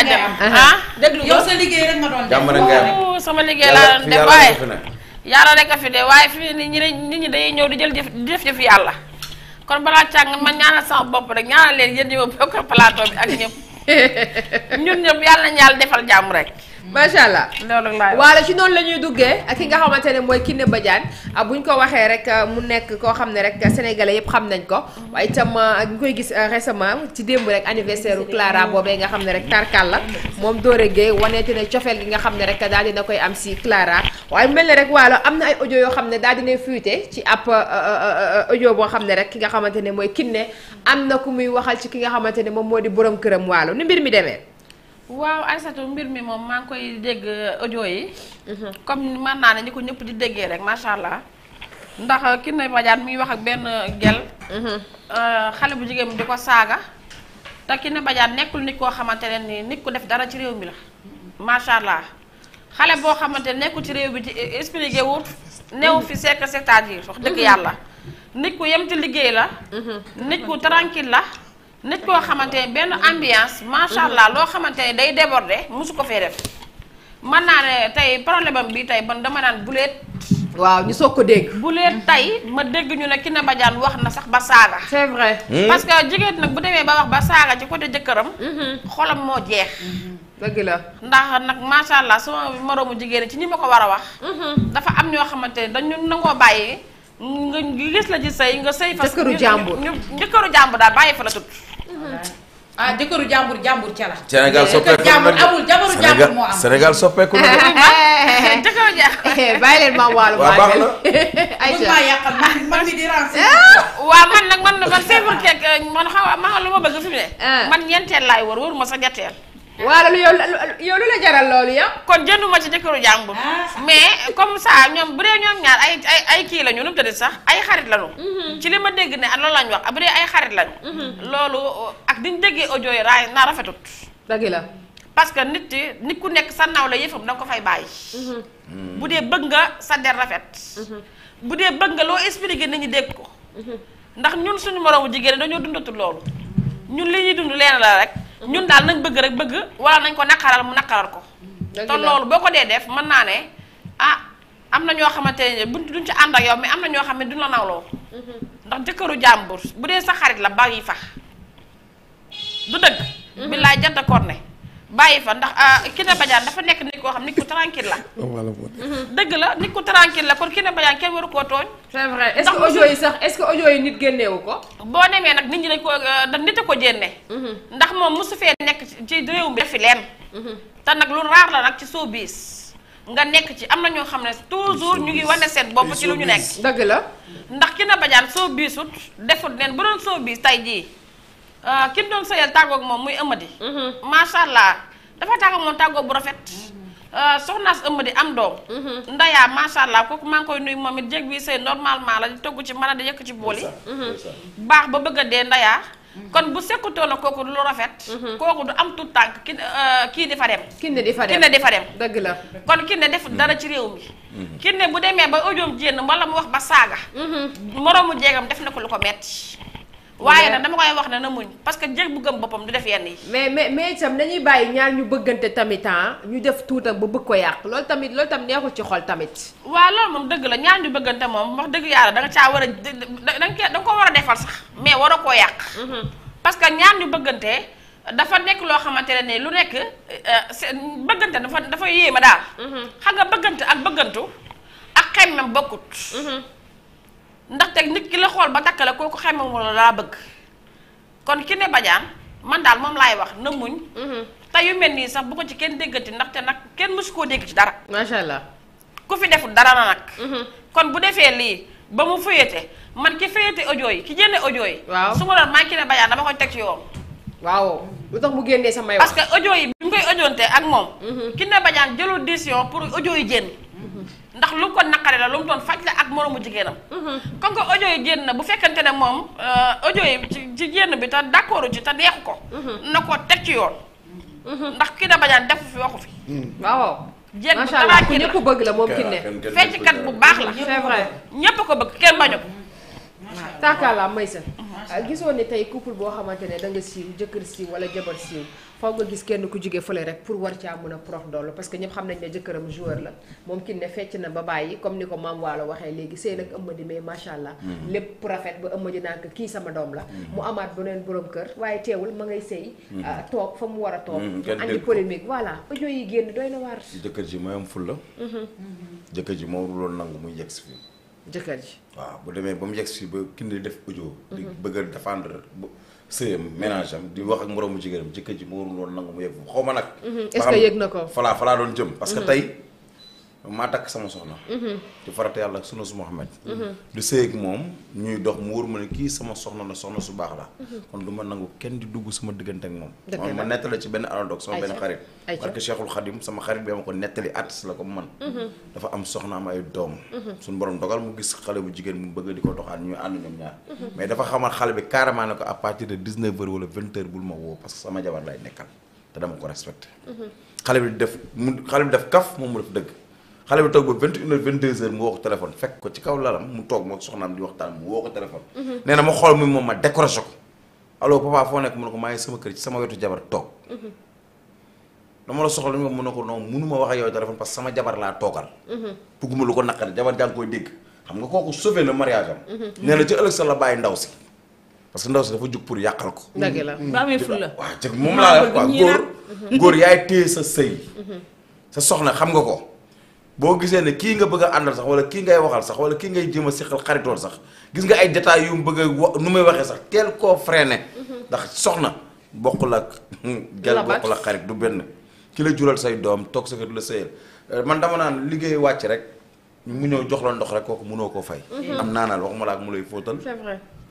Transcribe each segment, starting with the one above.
àjjana ah déglu yow sa liggéey rek nga doon def sama liggéey laa doon def waaye yàlla rek a fi de waaye fii ni ñi nit ñi dañuy ñëw di jël jëf di def jëf yàlla kon balaa càng man ñaanal sama bopp rek ñaanal leen yéen ñi ma bokk plateau bi ak ñëpp ñun ñëpp yàlla nañu yàlla defal jàmm rek macha allah loolu laa waala ci noonu la ñuy duggee ak ki nga xamante ne mooy Kiné Badiane ah, bu ñu ko waxee rek ah, mu nekk koo xam ne rek sénégalais yëpp xam nañ ko waaye itam ah, ñu koy gis récemment ci démb rek anniversaire u Clara nga xam ne rek tarkal la moom Dore Gueye waneeti na cofeel gi nga xam ne rek daal dina koy am si Clara waaye mel ne rek waalo am na ay audio yoo xam ne daal dina fuité ci ab audio boo xam ne rek ki nga xamante ne mooy Kiné am na ku muy waxal ci ki nga xamante ne moom moo di borom këram waalo ni mbir mi demee waaw Aïssatou mbir mi moom maa ngi koy dégg euh, audio yi. Mhm. comme man naa ne ñu ko ñëpp di déggee rek macha allah. ndax euh, ki ne Badiane mi ngi wax ak benn euh, gel. Mhm. xale bu jigéen bi di ko saaga. te ki ne Badiane nekkul nit koo xamante ne ni nit ku def dara ci réew mi la. macha allah xale boo xamante ne nekkul ci réew bi ci expliqué wut. néew fi c'est que yi à wax dëgg mhm. yàlla. nit ku yem ci liggéey la. nit ku tranquille la. nit koo xamante ne benn ambiance macha allah loo xamante ne day déborder mosu ko fee def man naa ne tey problème am bi tey man dama naan buleet waaw ñu soo ko dégg buleet tey ma dégg ñu ne Kine Badiane wax na sax ba saaga c'est vrai hmm? parce que jigéen nag bu demee ba wax ba saaga ci côté jëkkëram mm-hmm. xolam moo jeex mm-hmm. dëgg la ndax nag macha allah sama moroomu jigéen ci ñi ma ko war a wax mm-hmm. dafa am ñoo xamante ne dañu nangoo bàyyi nga gis la ci sëy nga sëy fa jëkkëru jàmbur jëkkëru jàmbur daal bàyyi fa la tut ah jëkkëru jàmbur jàmbur ca la. Sénégal eh, soppeeku jàmbur amul jabaru jàmbur moo am. Sénégal soppeeku na eh, de. jëkkëru eh, bàyyi leen ma waalu maa baax na. ayca man man mi di renseigné. Ah! nag man man feebar man xaw ma lu ma bëgg fi mu man ñeenteel laay wër wëruma sa ñetteel. waa loolu yow yow lu la jaral loolu yow. kon jënduma ci jëkkëru jàmbur. Ah, ah. mais comme ça ñoom bu dee ñoom ñaar ay ay kii lañu nu mu tëddee sax ay xarit lañu. Mm-hmm. ci li ma dégg ne loolu lañu wax bu dee ay xarit lañu. Mm-hmm. loolu ak diñ déggee audio yi raay naa dëgg la. parce que nit nit ku nekk sa naw la yëfam ko fay bàyyi. Mm-hmm. Mm. bu dee bëgg nga sa rafet. bu dee bëgg nga loo expliqué nañu dégg ko. ndax ñun suñu moroomu jigéen dañoo dundatul loolu. ñun li ñuy dund leen la rek. ñun daal nañ bëgg rek bëgg wala nañ ko naqaral mu naqaral ko te loolu boo ko dee def mën naa ne ah am na ñoo xamante ne buñ duñ ci ànd ak yow mais am na ñoo xam ne duñ la nawloo mm-hmm. ndax jëkkëru jàmbur bu dee sa xarit la bàyyi fa du dëgg mm-hmm. billaay jant koor ne bàyyi fa ndax ah, Kiné bajaan dafa nekk nit koo xam nit ku tranquille la. Mhm. dëgg la nit ku tranquille la kon a Badiane kenn waru koo tooñ. c'est vrai est-ce que audio yi est-ce que audio yi nit génneewu ko. boo demee nag nit ñi dañ koo da nit a ko génne. Mhm. ndax moom mosu fee nekk ci réew mi defi leen. Mhm. te nag lu raar la nag ci showbiz nga nekk ci am na ñoo xam ne toujours ñu ngi wane seen bopp ci lu ñu nekk. dëgg la ndax Kiné Badiane showbizut defut neen bu doon showbiz tey jii. Euh, kim doon sëyal tàggoog moom muy ëmmadi mm-hmm. macha allah dafa tàggoog moom tàggoog bu rafet mm-hmm. euh, soxnaas ëmmadi am doom mm-hmm. ndayaa macha allah kooku maa ngi koy nuy moom it jéeg bi sëy normalement la di togg ci mën a di yëkk ci bool baax ba bëgg a dee ndayaa kon bu sekkutoon na kooku lu rafet kooku du am tout tànk ki euh, kii di fa dem kinne di fa dem kinne di fa la kon kinne def dara ci réew mi kinne bu demee ba ojoom jénn wala mu wax ba saaga moroomu jeegam def na ko lu ko metti waaye nag dama koy wax ne na muñ parce que jël bu gëm boppam du def yenn yi. mais mais mais itam dañuy bàyyi ñaar ñu bëggante tamit ah, ñu def tuuta ba bëgg ko yàq loolu tamit loolu tamit neexul ci xol tamit. waa loolu moom dëgg la ñaan ñu bëggante moom wax dëgg yàlla da nga caa war a da ko war a defal sax mais war a koo yàq. Mm-hmm. parce que ñaar ñu bëggante. dafa nekk loo xamante ne ni lu nekk euh, bëggante dafa dafa yéema daal. Mm-hmm. xam nga bëggante ak bëggantu ak xemmem bokkut. Mm-hmm. ndaxte nit ki la xool ba takk la kooku xamewul la laa bëgg kon ki ne bajaan man daal moom laay wax na muñ mhm. yu mel nii sax bu ko ci kenn déggati ndaxte nag kenn mësu koo dégg ci dara macha allah ku fi deful dara na nag mhm. kon bu defee lii ba mu fayete man ki fayete audio yi ki génne audio yi waaw su ma doon ki ne bajaan dama koy teg ci yoon waaw lu tax mu génnee samay wax parce que yi bi mu koy audioonte ak moom mhm. ki ne bajaan jëlul décision pour audio yi ndax lu ko naqare la lu mu doon faj la ak moroomu jigéenam. kon mhm. ko audio yi génn na bu fekkante ne moom euh, audio yi ci ci génn bi te d'accord ci te neexu ko. Mhm. na ko teg ci yoon. Mhm. ndax kii da bañaan defu fi waxu fi. Mm. waaw. macha allah ku ñëpp bëgg la moom ki ne. fecckat bu baax la. c'est ñëpp ko bëgg kenn bañu taakaala may sa gisoo ne tey couple boo xamante ne da nga siiw jëkkër siiw wala jabar siiw faw nga gis kenn ku jóge fële rek pour war caa mën a prof parce que ñëpp xam nañ ne jëkkëram joueur moom kin ne fecc na comme ni ko maam waalo waxee léegi sëy nag ëmmadi mais macha allah mm-hmm. lépp rafet ba kii sama doom la mm-hmm. mu amaat beneen borom kër waaye teewul ma ngay sëy mm-hmm. ah, toog fa mu war a toog andi polémique voilà audio yi génn doy na waar jëkkër ji mooy am fulla jëkkër ji moo waruloon nangu muy yegg si fii jëkkër ji waaw bu demee ba mu yegg si ba kindi def audio. di mhm. bëgg a défendre sëyam ménage di wax ak moroomu jigéenam jëkkër ji mu warul woon nangu mu yegg xaw ma nag. Mhm. est-ce que yëg na ko. falaa falaa doon jëm parce que mhm. tey. maa takk sama soxna. ci mhm. farat yàlla ak sunu su Muhammad mhm. di sëy ak moom ñuy dox mu wóor ma ne kii sama soxna la soxna su baax la. Mhm. kon lu ma nangu kenn di dugg sama diggante ak moom. dëgg ma nettali ci benn anadog sama benn xarit. parce que Cheikhul Khadim sama xarit bi ma nettali artiste la ko man dafa am soxna ay doom. suñu borom dogal mu gis xale bu jigéen mu bëgg di ko doxaan ñu mais dafa xamal xale bi carrément ne ko à partir de dix neuf wala vingt heures bul ma woo sama jabar lay nekkal te dama ko xale bi def mu xale bi def kaf moom mu dëgg xale bi toog ba vingt une heure vingt deux heures mu woo ko téléphone fekk ko ci kaw lalam mu toog moom soxnaam di waxtaan mu woo ko téléphone. Mhm. nee ma xool muy moom ma décroché ko allo papa foo nekk mu ne ko maa sama kër ci sama wetu jabar toog. Mhm. dama la soxla mu ne ko noonu mënuma wax ak yow téléphone parce que sama jabar laa toogal. Mhm. bugguma lu ko naqari jabar jaa ngi koy dégg xam nga ko sauvé na mariage am. nee na ci ëllëg sa la bàyyi ndaw si. parce que ndaw si dafa jug pour yàqal ko. dëgg la mm. ba amee ful la moom laa la waaw góor góor yaay téye sa sa soxna xam nga ko boo gisee ne kii nga bëgg a àndal sax wala kii ngay waxal sax wala kii ngay jéem a siqal xaritool sax gis nga ay détails yu mu bëgg a wa nu may waxee sax teel koo freiné mhm. ndax soxna bokkul ak gel bokkul ak xarit du benn ki la jural say doom toog sa du la sëyal euh, man dama naan liggéey wàcc rek mu ñëw jox la ndox rek kooku mënoo koo fay mhm. am naanal waxuma la ak mu lay fóotal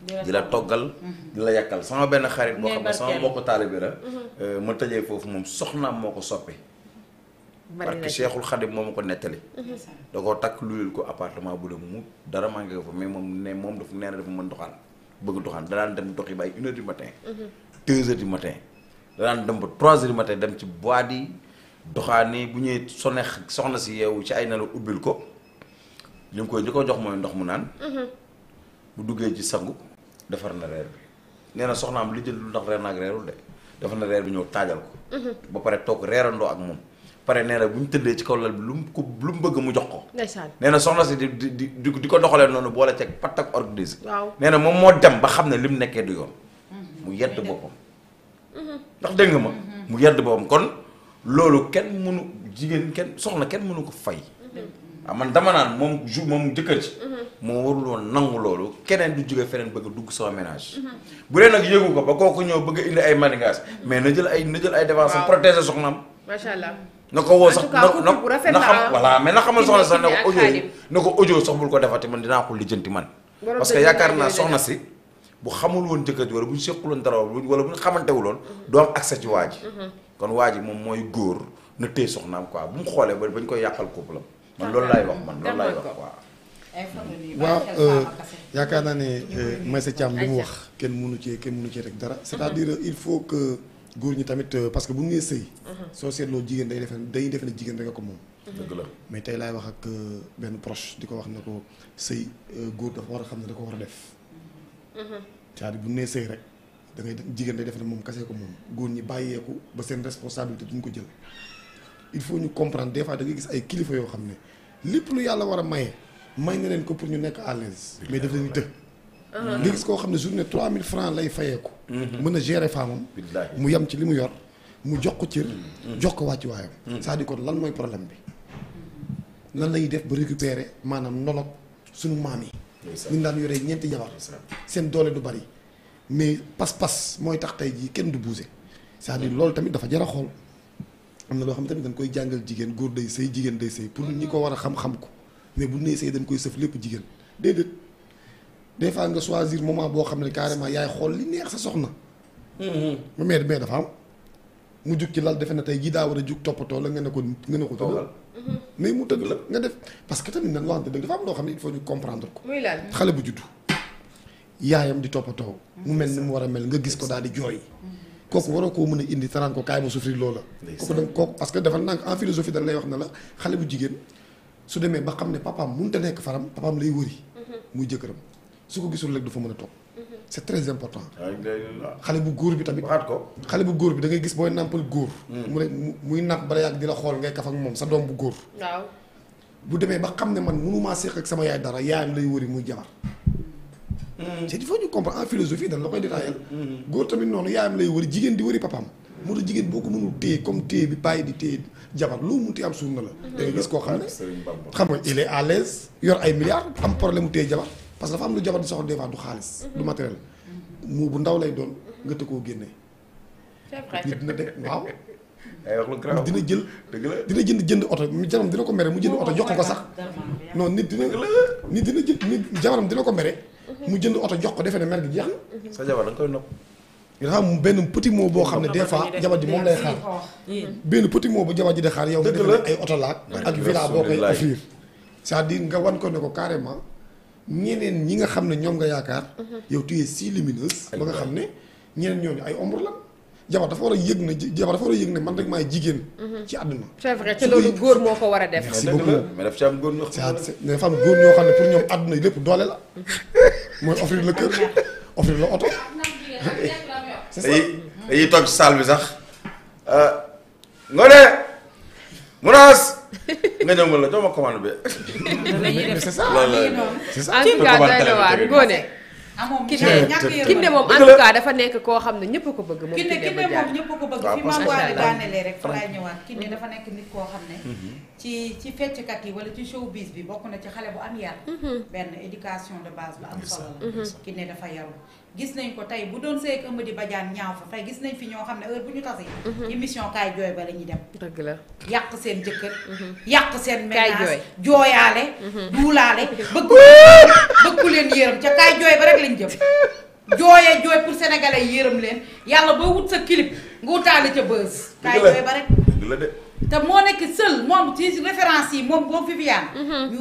di la toggal mhm. di la yàkkal sama benn xarit boo xam ne sama mbokk taalibe la euh, ma tëjee foofu moom soxnaam moo ko soppe parce que Cheikhul Khadim moo nettali. Mhm. da koo takk luyul ko appartement bu la mu dara manqué ko fa mais moom ne moom dafa nee na dafa mën doxaan bëgg doxaan danaan dem doxi ba ay une heure du matin. Mhm. deux heures du matin. danaan dem ba trois heures du matin dem ci boîte yi doxaani bu ñuy sonné soxna si yeewu ci ay nelaw ubbil ko li mu koy li ko jox mooy ndox mu naan. Mhm. bu duggee ci sangu defar na reer bi nee na soxnaam li jël lu ndax reer naag reerul de defar na reer bi ñëw taajal ko. ba pare toog reerandoo ak moom. pare nee na bu ñu tëddee ci kaw lal bi lu mu ko lu mu bëgg mu jox ko. ndeysaan nee na soxna si di di di ko doxalee noonu boole ceeg pat ak organisé. waaw nee na moom moo dem ba xam ne lim nekkee du yoon. Mm-hmm. mu yedd boppam. Mm-hmm. ndax dégg nga ma. Mm-hmm. mu yedd boppam kon loolu kenn mënu jigéen kenn soxna kenn mënu ko fay. aman ah, man dama naan moom ju moom jëkkër ci moo warul woon nangu loolu keneen du jóge feneen bëgg dugg sama ménage bu dee nag yëgu ko ba kooku ñëw bëgg a indi ay manigas mais na jël ay na jël ay défense protéger soxnaam macha allah na ko woo sax na na xam ah. voilà mais na xamal soxna sax ne na ko audio sax bul ko defati man dinaa ko lijjanti man parce que yaakaar naa soxna si bu xamul woon jëkkër ji wala bu ñu séquloon dara wala bu ñu xamantewuloon doo am accès ci waa ji mhm. kon waa ji moom mooy góor na téye soxnaam quoi bu mu xoolee ba bañ koy yàqal couple am man loolu laay wax man loolu laay wax waaw mm. euh, yaakaar naa ne euh, mm. Maïssa Thiam li mu wax kenn munu ci kenn mënu ci rek dara mhm. c'est-à-dire il góor ñi tamit euh, parce que bu ñu nee sëy. Mhm. soo seetloo jigéen day defe day defe ne jigéen rek ko moom. Mhm. mais tey laay wax ak euh, benn proche di ko wax na ko sëy euh, góor dafa war a xam ne da ko war a def. Mhm. cest bu ñu nee sëy rek da ngay jigéen day defe ne moom kese ko moom góor ñi bàyyeeku ba seen responsabilité duñ ko jël. il faut ñu comprendre des fois da ngay gis ay kilifa yoo xam ne lépp lu yàlla war a maye may na leen ko pour ñu nekk à mais daf leen di nga mhm. gis koo xam ne journée 3000 francs lay fayeeku mhm. mën a gérer faamam mu yem ci li mu yor mu jox ko cër mhm. jox ko wàcc waayam cest à kon lan mooy problème bi lan lay def ba récupérer maanaam nolog suñu maam yi ñu daan yoree ñeenti jabar seen doole du bari mais pas-pas mooy tax tey jii kenn du bougé c'est-à-dire loolu tamit dafa jara a xool am na loo xam tamit dañ koy jàngal jigéen góor day sëy jigéen day sëy pour ñi ko war a xam-xam ko mais bu nee dañ koy sëf lépp jigéen des fois nga choisir moment boo xam ne carrément yaay xool li neex sa soxna. mu mm-hmm. mais mais dafa am mu jug ci lal defe na tey jii daa war a jug toppatoo la nga ne ko nga ne ko tëddal. Mm-hmm. mais mu tëdd la nga def parce que tamit nan waxante dëgg dafa am loo xam ne il ñu comprendre ko. muy lan xale bu juddu. di toppatoo. Mm-hmm. mu mel ni mu war a mel nga gis ko daal di jooy. kooku waroo koo mën a indi taraan ko kaay ma souffrir loola. kooku da kooku parce que dafa naan en philosophie dañ lay wax ne la xale bu jigéen su demee ba xam ne papaam mënut te nekk faram papaam lay wëri muy jëkkëram su ko gisul rek du fa mën a toog mhm. c'est très important. Ah, xale bu góor bi tamit. waxaat ko xale bu góor bi da ngay gis booy nàmpal góor. Hmm. mu ne muy nàmp ba yàgg di la xool ngay kaf ak moom sa doom bu góor. waaw bu demee ba xam ne man mënumaa séq ak sama yaay dara yaayam lay wëri muy jabar. Hmm. c'est il faut ñu comprendre en philosophie dañ la koy détaillé. Hmm. góor tamit noonu yaayam lay wëri jigéen di wëri papaam. moo tax jigéen boo ko mënul téye comme téye bi bàyyi di téye jabar loo munti am suur la. da ngay gis koo xam ne xam nga il à l'aise yor ay milliards am problème mu téye jabar. parce que dafa am lu jabar di soxla des du xaalis mhm. du matériel mu bu ndaw lay doon nga tëkoo génne. nit dina de waaw. dina jël dina jënd jënd oto jabaram dina ko mere mu jënd oto jox ko sax non nit dina nit dina jënd nit jabaram dina ko mere mhm. mu jënd oto jox ko defe ne mer jeex na mhm. sa jabar da nga koy benn petit mot boo xam ne des fois jabar ji moom lay xaar hmm. benn petit mot bu jabar ji di xaar yow nga defe ne ay oto laak ak villa boo koy offrir c'est-à-dire nga wan ko ne ko carrément ñeneen ñi nga xam ne ñoom nga yaakaar. Mhm. yow tu es si lumineuse. ba nga xam ne ñeneen ñooñu ay ombre la. jabar dafa war a yëg ne jabar dafa war a yëg ne man rek maay jigéen. Mhm. ci àdduna. c'est vrai te loolu góor moo ko war a def. merci beaucoup mais dafa am góor ñoo xam lépp doole la. Mhm. mooy offrir la kër offrir la oto. c'est ça toog salle bi sax. Euh, nga ne Mounass. nga ñëw la jox ma commande bi. c'est ça c'est ça en tout cas doy na waar góone. amoon Kiné moom en tout cas dafa nekk koo xam ne ñëpp ko bëgg. moom Kiné Kiné moom ñëpp ko bëgg fi ma waale daanelee rek fa laay ñëwaat Kiné dafa nekk nit koo xam ne. Mm-hmm. ci ci fecc kat yi wala ci showbiz bi bokk na ci xale bu am yar. Mm-hmm. benn éducation de base bu am solo la. dafa yaru gis nañ ko tey bu doon sëy ak Amady Badiane ñaaw fa tey gis nañ fi ñoo xam ne heure bu ñu tasee mhm. émission kaay jooy ba la ñuy dem dëgg la yàq seen jëkkër mhm. yàq seen ménage jooyaale mhm. duulaale bëgg bëggu leen yërëm ca kaay jooy ba rek lañ jëm jooyee jooy pour sénégalais yërëm leen yàlla ba wut sa clip nga ca bës kaay jooy ba rek te moo nekk seul moom ci référence yi moom boo Viviane